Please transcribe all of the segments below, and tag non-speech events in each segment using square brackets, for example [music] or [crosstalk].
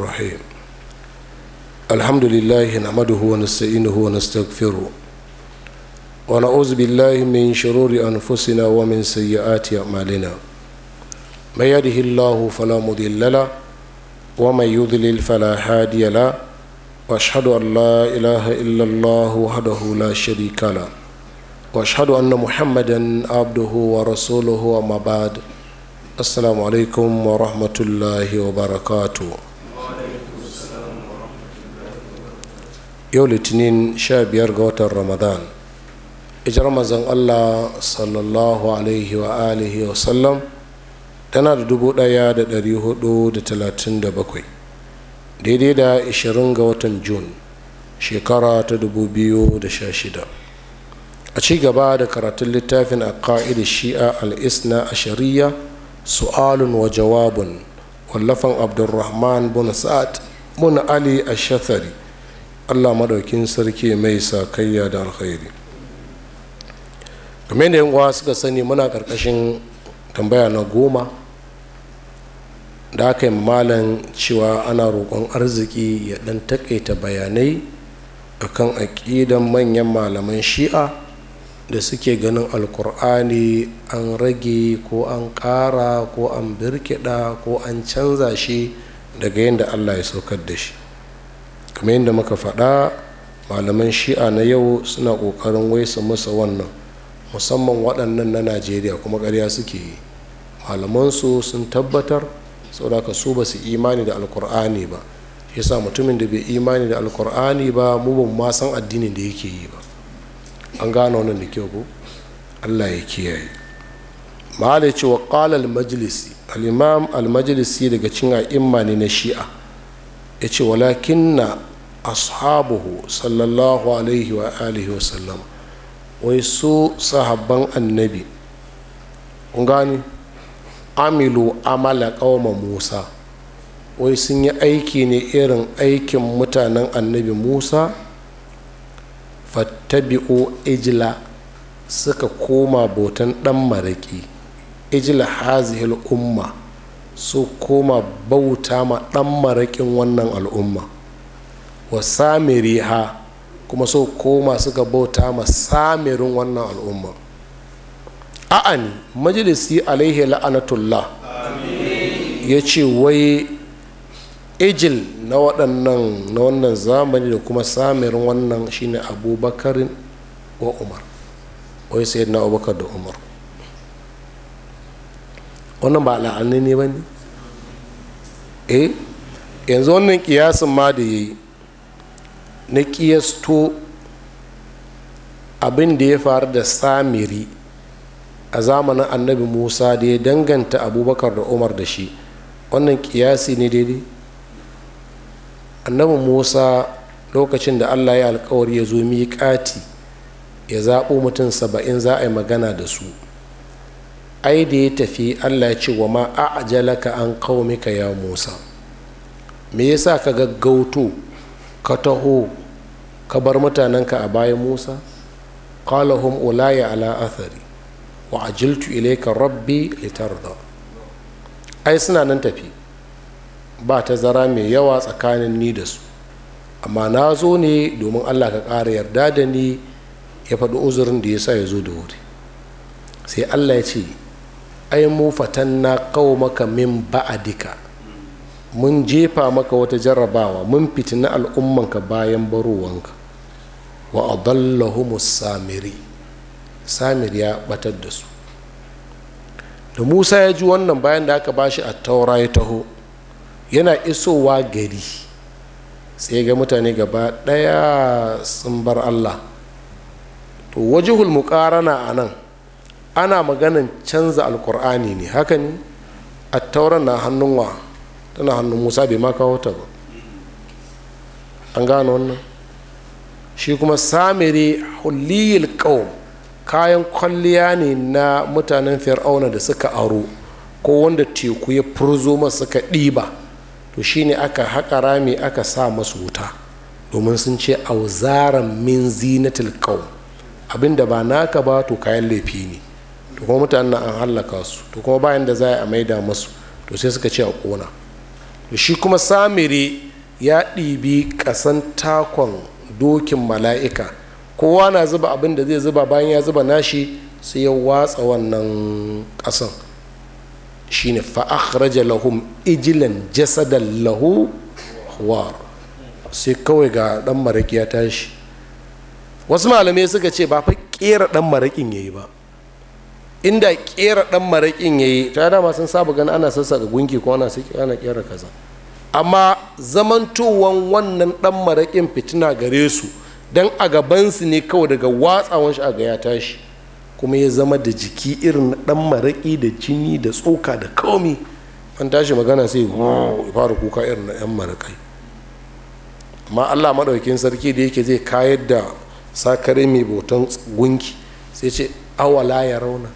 الرحيم الحمد لله نحمده ونستعينه ونستغفره ونعوذ بالله من شرور أنفسنا ومن سيئات أعمالنا من يهده الله فلا مضل له ومن يضلل فلا هادي له واشهد ان لا اله الا الله وحده لا شريك له واشهد ان محمدا عبده ورسوله وما بعد السلام عليكم ورحمه الله وبركاته yau litinin sha biyar ga watan ramadan ijar mazan allah sallallahu alaihi wa alihi wa sallam tana da talatin da bakwai, daidai da ishirin ga watan jun shekara ta dubu biyu da sha shida, a ci gaba da karatun littafin a ka'idar shi'a al'isna a shari'a su'alun wa jawabun wallafan abdulrahman bin sa'ad bin ali a allah maɗaukin sarki mai sakayya da alkhairi game da yan'uwa suka sani muna ƙarƙashin tambaya na goma da aka yi malan cewa ana roƙon arziki ya ɗan taƙaita bayanai akan aƙidan manyan malaman shi'a da suke ganin alkur'ani an rage ko an ƙara ko an birkiɗa ko an canza shi daga yadda allah ya saukar da shi kamar yadda muka faɗa malaman shi'a na yau suna ƙoƙarin waisa masa wannan musamman waɗannan na najeriya kuma ƙarya suke yi malamansu sun tabbatar saboda su ba su imani da alkur'ani ba shi sa mutumin da bai imani da alkur'ani ba mu ban ma san addinin da yake yi ba an gane wannan da kyau ko allah ya kiyaye malai cewa ƙala al-majlisi al daga cin a'imma ne na shi'a ya ce walakin na ashabuhu sallallahu alaihi wa alihi wasallam wai su sahabban annabi gani amilu amala kawama musa wai sun yi aiki ne irin aikin mutanen annabi musa fattabi'u ijila suka koma botan dan maraƙi ijila hazihil umma su koma bauta ma dan maraƙin wannan al'umma wa ha kuma so koma suka bauta ma samirin wannan al'umma a'ani majalisi alaihi la'anatullah ya ce wai ijil na waɗannan na wannan zamani da kuma samirin wannan shine abubakarin wa umar wai sai na abubakar da umar wannan ba la'anni ne ba ne eh yanzu wannan kiyasin ma da ya yi na ƙiyasto abin da ya faru da samiri a zamanin annabi musa da ya danganta abubakar da umar da shi wannan kiyasi ne daidai annabi musa lokacin da allah ya alkawari ya zo miƙati ya zaɓo mutum saba'in za a yi magana da su ai da ya tafi allah ya ce wa ma a ajalaka an kawo ya musa me yasa ka gaggauto ka taho ka bar mutanenka a bayan musa qala ulaya ala athari wa ajiltu ilayka rabbi litarda ai suna nan tafi ba ta zara mai yawa tsakanin ni da su amma na zo ne domin allah ka ƙara yarda da ni ya faɗi uzurin da ya sa ya zo da wuri sai allah ya ce ai mu fatan na kawo maka min ba'adika mun jefa maka wata jarrabawa mun fitina al'ummanka bayan barowanka wa adallahumus samiri samir ya batar da su da musa ya ji wannan bayan da aka bashi a taura ya taho yana isowa gari sai ga mutane gaba ɗaya sun bar allah to wajihul muƙarana a nan ana maganin canza alkur'ani ne haka ne a tauran na hannun wa tana hannun musa bai ma kawo ba an gano wannan shi kuma samiri huliyil ƙau kayan kwalliya ne na mutanen fir'auna da suka aro ko wanda teku ya furzo masu suka ɗiba to shine aka haƙa rami aka sa masu wuta domin sun ce auzaran min zinatil kawo abinda ba naka ba to kayan laifi ne to kuma mutanen an hallaka su to kuma bayan da za a maida masu to sai suka ce a ƙona to shi kuma samiri ya ɗibi ƙasan takon dokin mala'ika kowa na zuba abin da zai zuba bayan ya zuba nashi sai ya watsa wannan ƙasan shine fa'akhraja lahum ijilan jasadan lahu war sai kawai ga dan maraki ya tashi wasu malamai suka ce ba fa kera dan marakin yayi ba inda kera dan marakin yayi ta dama sun saba gani ana sassaka gunki ko ana ana kera kaza amma zamantowan wannan ɗan maraƙin fitina gare su don a gabansu ne kawai daga watsawan shi a ya tashi kuma ya zama da jiki irin ɗan maraƙi da jini da tsoka da komi an tashi magana sai ya fara kuka irin na 'yan maraƙai amma allah maɗaukin sarki da yake zai kayar da sakare mai bautan gunki sai ce awala ya rauna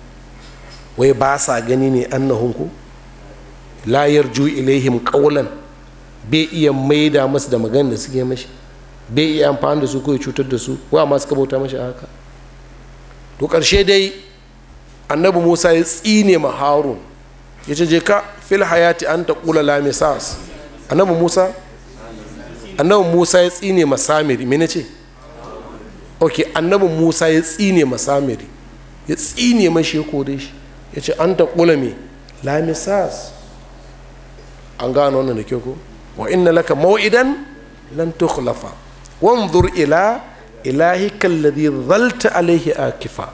wai ba sa gani ne annahun ku layar ju ilaihim ƙaulan bai iya maida masu da maganin da suke mashi bai iya amfani da su ko ya cutar da su wa ma suka bauta mashi haka to ƙarshe dai annabi musa ya tsine ma harun ya ce je ka fil hayati an ta ƙula lami sas annabi musa annabi musa ya tsine ma samiri mene ce ok annabi musa ya tsine ma samiri ya tsine mashi ya kore shi ya ce an ta ƙula me lami sas an gano wannan da kyau ko wa inna laka maw'idan lan tukhlafa wanzur ila ilahika alladhi dhalta alayhi akifa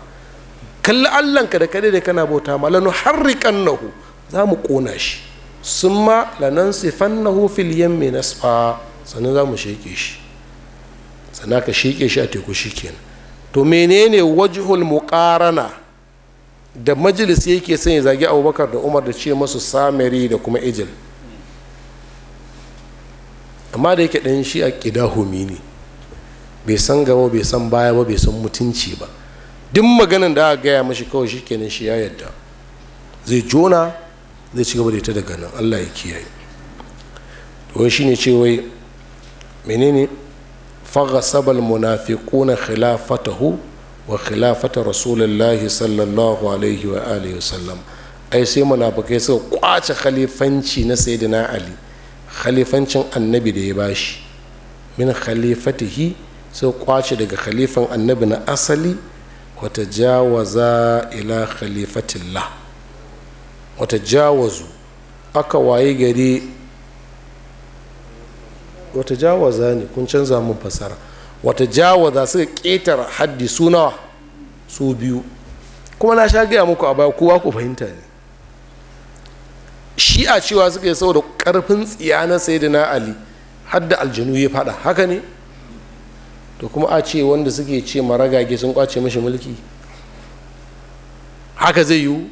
kalli ka da kade da kana bauta ma lanu harriqannahu za mu kona shi summa lanansifannahu fil yammi nasfa sannan za mu sheke shi sannan ka sheke shi a teku shiken. to menene wajhul muqarana da majalis yake son ya zagi abubakar da umar da ce masu samari da kuma ijil amma da yake ɗan shi a ƙidahumi ne bai san gaba bai san baya ba bai san mutunci ba duk maganan da aka gaya mashi kawai shi kenan shi ya yadda zai jona zai ci gaba da ita daga nan allah ya kiyaye to shi ne ce wai menene munafiku na khilafatahu wa khilafata rasulullahi sallallahu alaihi wa alihi wasallam ai sai munafikai suka kwace khalifanci na sayyidina ali khalifancin annabi da ya bashi min khalifatihi sai kwace daga khalifan annabi na asali wata jawaza ila khalifatillah wata jawazu aka waye gari wata jawaza ne kun canza mun fasara wata jawaza suka ƙetare haddi sunawa su biyu kuma na sha gaya muku a baya kowa ku fahimta ne shi'a cewa suka yi saboda karfin tsiya na na ali hadda aljanu ya fada haka ne to kuma a ce wanda suke ce maragage sun kwace mashi mulki haka zai yiwu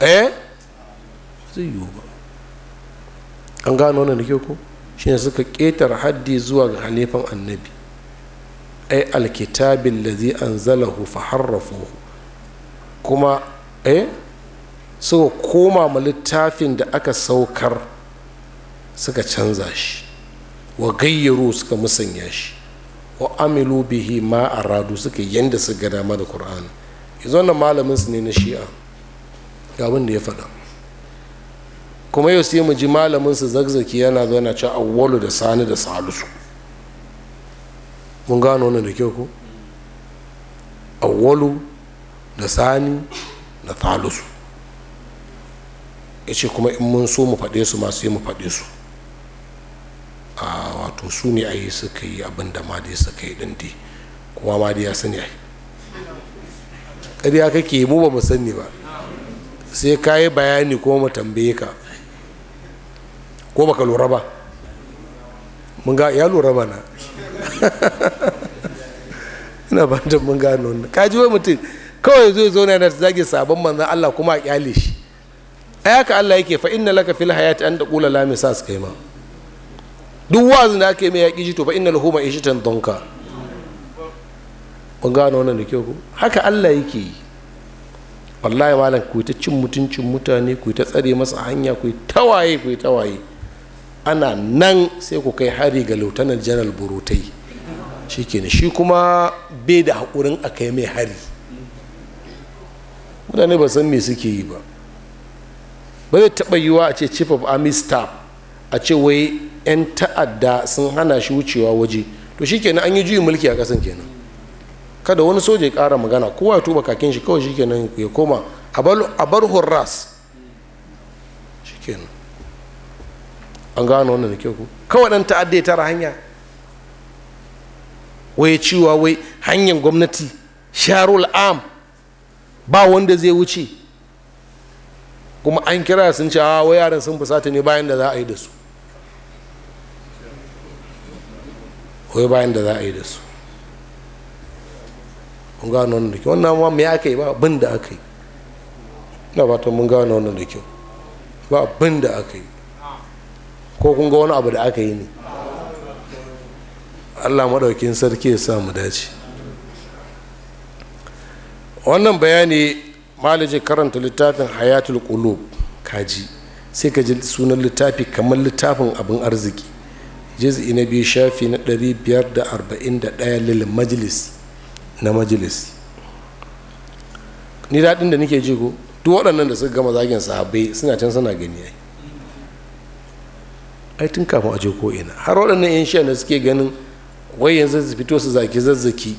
eh zai yiwu ba an gano wannan nake ke ko shine suka ƙetar haddi zuwa ga halifan annabi ai alkitabin lazi an zalahu fa kuma eh suka koma ma littafin da aka saukar suka canza shi wa gayyaro suka musanya shi wa amilu bihi ma a radu suka yanda su ga dama da qur'ani yanzu wannan malamin su ne na shi'a ga abin da ya faɗa kuma yau sai mu ji malamin su zagzaki yana zo ci cewa awwalu da sani da salisu mun gano wannan da kyau ko awwalu da sani da salisu ya ce kuma in mun so mu faɗe su ma sai mu faɗe su a wato su ne ayi suka yi abin da ma dai suka yi ɗin dai kowa ma dai ya sani ai ƙarya kake mu ba mu sani ba sai ka yi bayani ko mu tambaye ka ko baka lura ba mun ga ya lura ba na [laughs] ina ba da mun gano ka ji wai mutum kawai zai zo na da zage sabon manzan Allah kuma a kyale shi ai haka Allah yake fa inna laka fil hayati an taqula la misas kai ma duk wazin da ake mai yaƙi to fa inna lahuma ishtan donka kun gano wannan da kyau ku haka Allah yake yi wallahi malam ku ta cin mutuncin mutane ku ta tsare masa hanya ku ta waye ku ta waye ana nan sai ku kai hari ga lieutenant general burutai shikenan shi kuma bai da hakurin a kai mai hari mutane ba san me suke yi ba ba zai taɓa yiwa a ce chief of army staff a ce wai 'yan ta'adda sun hana shi wucewa waje to kenan an yi juyin mulki a ƙasan kenan kada wani soja ya ƙara magana kowa ya tuba kakin shi kawai kenan ya koma a bar horas kenan an gano wannan da kyau ku kawai ɗan ta'adda ya tara hanya wai ciwa wai hanyar gwamnati sharul am ba wanda zai wuce kuma an kira sun ce a ah, yaran sun fusata ne bayan da za a yi da su wai bayan da za a yi da su mun gano wannan da kyau wannan amma mai aka yi ba abin da aka yi na fatan mun gano wannan da kyau ba abin da aka yi ko kun ga wani abu da aka yi ne allah maɗaukin sarki ya sa mu dace wannan bayani malaje karanta littafin hayatul qulub kaji sai ka ji sunan littafi kamar littafin abin arziki juz'i na biyu shafi na 541 lil majlis na majlis ni daɗin da nake ji ko duk waɗannan da suka gama zagin sahabbai suna can suna gani ai ai tun kafin a je ko ina har waɗannan yan shiya da suke ganin wai yanzu su fito su zaki zazzaki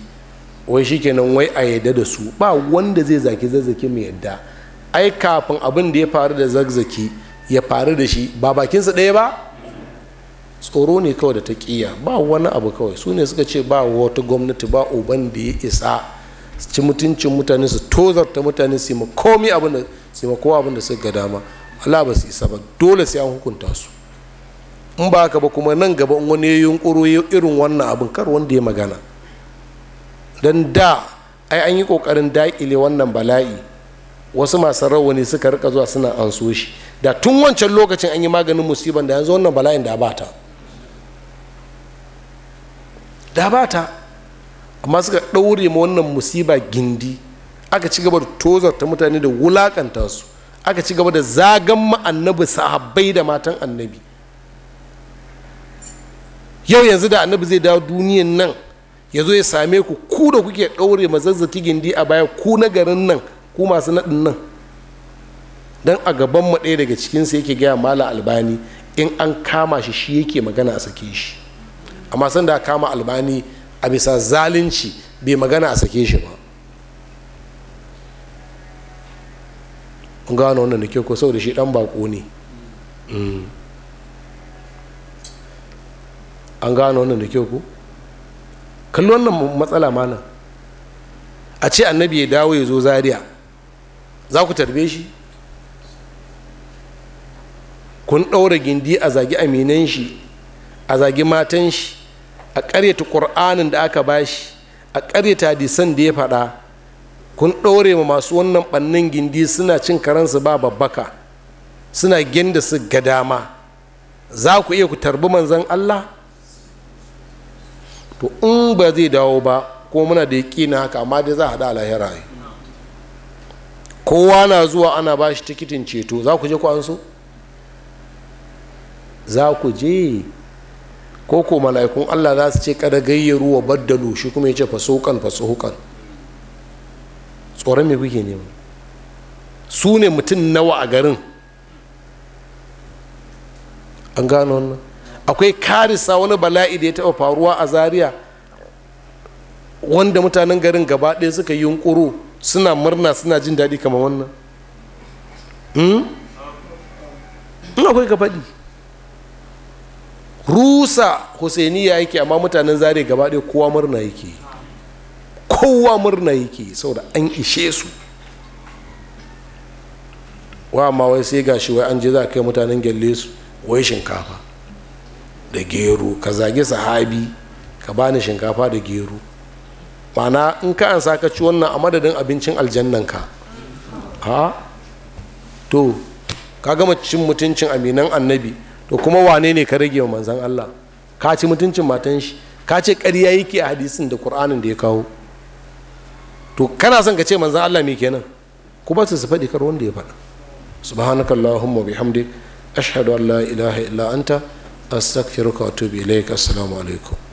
wai shi shikenan wai a yadda da su ba wanda zai zaki zazzaki mai yadda ai kafin abin da ya faru da zazzaki ya faru da shi ba bakinsa ɗaya ba tsoro ne kawai da ta ƙiya ba wani abu kawai su ne suka ce ba wata gwamnati ba uban da ya isa ci mutuncin mutane su tozarta mutane su yi komi abin da su yi kowa abin da suka ga dama ala ba su isa ba dole sai an hukunta su in ba haka ba kuma nan gaba in wani yunkuro irin wannan abin kar wanda ya magana don da ai an yi ƙoƙarin daƙile wannan bala'i wasu masu rawani suka rika zuwa suna so shi da tun wancan lokacin an yi maganin musiban da yanzu wannan bala'in da ba da ba amma suka ɗaure ma wannan musiba gindi aka ci gaba da tozarta mutane da wulakanta su aka ci gaba da zagan ma'annabi sahabbai da matan annabi yau yanzu da annabi zai dawo duniyan nan ya zo ya same ku ku da kuke ɗaure mazazzaki gindi a baya ku na garin nan ku masu naɗin nan don a gaban mu ɗaya daga cikinsa yake gaya mala albani in an kama shi shi yake magana a sake shi amma san da kama albani a bisa zalunci bai magana a sake shi ba kun gano wannan da ko saboda shi dan bako ne mm. an gano wannan da ko kallon wannan matsala malam a ce annabi ya dawo ya zo Zariya za ku tarbe shi kun ɗaura gindi a zagi aminan shi a zagi matan shi a ƙaryata ƙur'anin da aka bashi a ƙaryata hadisan da ya faɗa kun ɗaure ma masu wannan ɓannin gindi suna cin karansu ba babbaka suna ginda su ga dama za ku iya ku tarbi manzon allah to in ba zai dawo ba ko muna da na haka amma dai za a haɗa lahira ne kowa na zuwa ana ba shi tikitin ceto za ku je ku an so za ku je ko ko mala'ikun allah za su ce kada gayyaru wa baddalu shi kuma ya ce faso fasokan tsoron mai kuke nema su ne mutum nawa a garin an gano wannan akwai karisa wani bala'i da ya taɓa faruwa a zaria wanda mutanen garin gaba ɗaya suka yi yunkuru suna murna suna jin daɗi kamar wannan hmm? in akwai ka faɗi rusa husainiya yake amma mutanen zaria gaba ɗaya kowa murna yake kowa murna yake saboda an ishe su wa amma wai sai gashi wai an je za a kai mutanen gyalle su wai shinkafa da gero ka zage sahabi ka bani shinkafa da gero mana in ka ansa ka ci wannan a madadin abincin aljannan ka ha to ka gama cin mutuncin aminan annabi to kuma wane ne ka rage wa manzan Allah ka ci mutuncin matan shi ka ce ƙarya yake a hadisin da Kur'anin da ya kawo to kana son ka ce manzan Allah me kenan ku ba su faɗi kar wanda ya faɗa subhanakallahumma bihamdik ashhadu an la ilaha illa anta astaghfiruka wa atubu ilaik assalamu alaikum